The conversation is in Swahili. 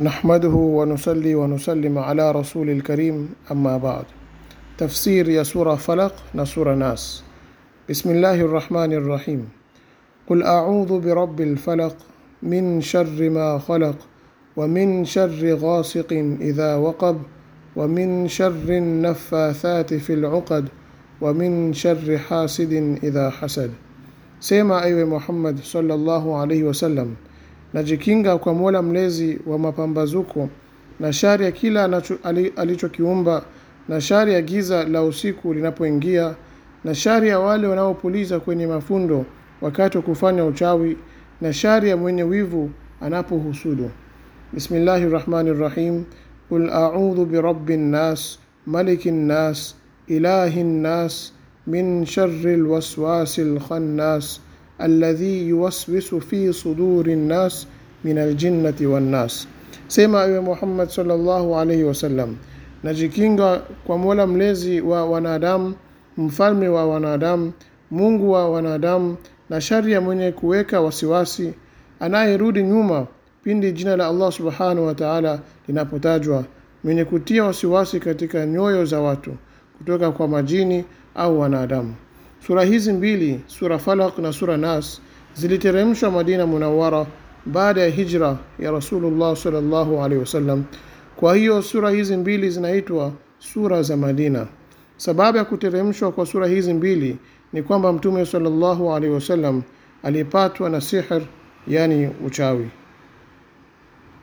نحمده ونصلي ونسلم على رسول الكريم أما بعد تفسير يا سورة فلق نسورة ناس بسم الله الرحمن الرحيم قل أعوذ برب الفلق من شر ما خلق ومن شر غاسق إذا وقب ومن شر النفاثات في العقد ومن شر حاسد إذا حسد سيما أيوة محمد صلى الله عليه وسلم najikinga kwa Mola mlezi wa mapambazuko na shari ya kila alichokiumba na shari ya giza la usiku linapoingia na shari ya wale wanaopuliza kwenye mafundo wakati wa kufanya uchawi na shari ya mwenye wivu anapohusudu bismillahi rahmani rahim qul audhu birabi nnas maliki nnas ilahi nnas min shari lwaswasi lkhannas alladhi yuwaswisu fi suduri nnas min aljinnati wannas, sema ewe Muhammad sallallahu alaihi wasallam, najikinga kwa Mola mlezi wa wanadamu, mfalme wa wanadamu, Mungu wa wanadamu, na shari ya mwenye kuweka wasiwasi, anayerudi nyuma pindi jina la Allah subhanahu wa ta'ala linapotajwa, mwenye kutia wasiwasi katika nyoyo za watu kutoka kwa majini au wanadamu. Sura hizi mbili, sura Falaq na sura Nas, ziliteremshwa Madina Munawara baada ya hijra ya Rasulullah sallallahu alaihi wasallam. Kwa hiyo sura hizi mbili zinaitwa sura za Madina. Sababu ya kuteremshwa kwa sura hizi mbili ni kwamba Mtume sallallahu alaihi wasallam alipatwa na sihr, yani uchawi.